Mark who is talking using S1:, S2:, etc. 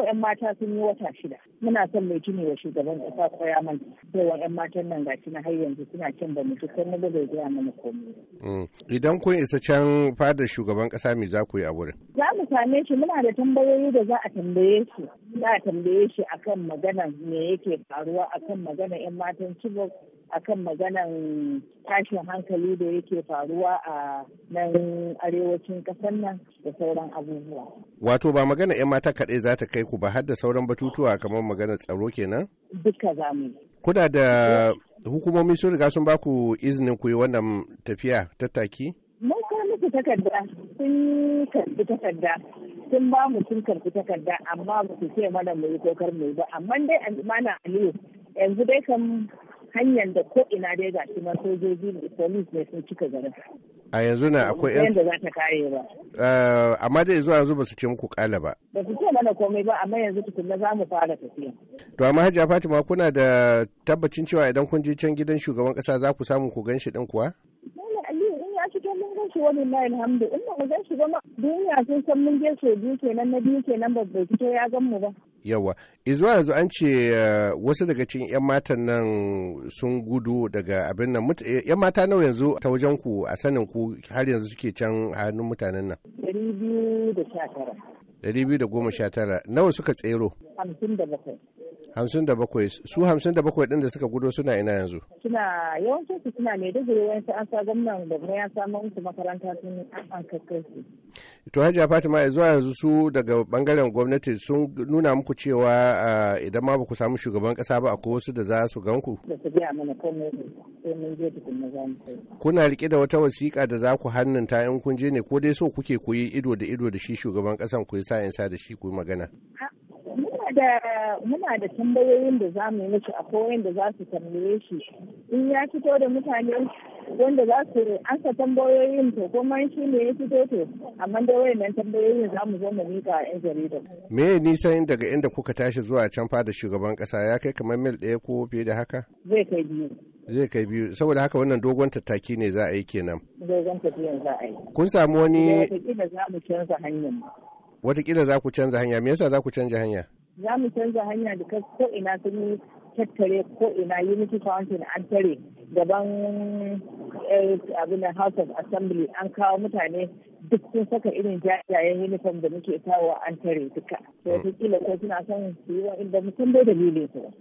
S1: yau 'yan mata sun yi wata shida muna son mai tuni wa shugaban kasa koya manta cewa 'yan matan nan ga na har yanzu suna cin ba mutu sai na bai gaya mana komai.
S2: Mm. idan kun isa can fadar shugaban kasa me za ku yi a wurin.
S1: za mu same shi muna da tambayoyi da za a tambaye shi za a tambaye shi akan magana me yake faruwa akan magana 'yan matan cibok akan maganan tashin hankali da yake faruwa a nan arewacin ƙasar nan da sauran abubuwa.
S2: Wato ba magana 'yan mata kaɗai za ta kai ku ba har da sauran batutuwa kamar maganar tsaro kenan?
S1: Duka za mu yi.
S2: Kuna da hukumomi sun riga sun baku izinin ku yi wannan tafiya tattaki?
S1: Mun takarda, sun takarda, sun ba mu sun karbi takarda amma ba su ce mana mu yi kokar mu ba. Amma dai mana Aliyu yanzu dai kan hanyar da ko ina dai ga shi sojoji da polis ne sun cika garin
S2: a yanzu na akwai yan da
S1: za ta kare ba
S2: eh, amma dai zuwa yanzu ba su ce muku kala ba
S1: ba su ce mana komai ba amma yanzu tukunna za mu fara tafiya
S2: to amma hajiya fatima kuna da tabbacin cewa idan kun je can gidan shugaban kasa za ku samu ku ganshi shi din kuwa
S1: sunan shi wani na alhamdu in ba mu gan shi ba duniya sun san mun je so biyu kenan na biyu kenan ba bai fito ya gan mu ba.
S2: Yawa, izuwa yanzu an ce eh, wasu daga cikin 'yan matan nan sun gudu daga abin nan 'yan eh, mata nawa yanzu ta wajen ku a sanin ku har yanzu suke can hannun mutanen nan.
S1: Dari biyu da sha tara.
S2: Dari biyu da goma sha tara. Nawa suka tsero?
S1: Hamsin da bakwai.
S2: hamsin da bakwai su hamsin da bakwai ɗin da suka gudo suna ina yanzu.
S1: suna yawancin su suna mai digiri wayansu an sa gwamnan da kuma ya samu musu makaranta sun an kakkai
S2: to hajiya fatima zuwa yanzu su daga bangaren gwamnati sun nuna muku cewa ah, idan ma ba ku samu shugaban kasa ba akwai wasu da za su ganku.
S1: da su mana komai
S2: kuna rike da wata wasiƙa da za ku hannunta in kun je ne ko dai so kuke koyi ido da ido da shi shugaban kasan ku yi sa'in sa da shi ku magana.
S1: da muna da tambayoyin da za mu yi miki a koyon da za su tambaye shi in ya fito da mutane wanda za su ansa tambayoyin to kuma shi ne ya fito to amma da wayannan tambayoyin za mu zo mu mika a 'yan jarida
S2: me nisan daga inda kuka tashi zuwa can fada shugaban kasa ya kai kamar mil ɗaya ko fiye da haka? zai kai biyu. zai kai biyu saboda haka wannan dogon tattaki ne za a yi kenan.
S1: dogon tafiyan za a yi.
S2: kun samu wani.
S1: watakila za mu canza hanyar.
S2: watakila za ku canza hanya me yasa za ku canza hanya.
S1: za mu canza hanya da ko ina sun yi tattare ko ina unity fountain an tare gaban eh, abin house of assembly an kawo mutane duk sun saka irin jajayen uniform da muke kawo an tare duka mm. Wata kila ko suna son su yi wa inda mutum bai dalilin su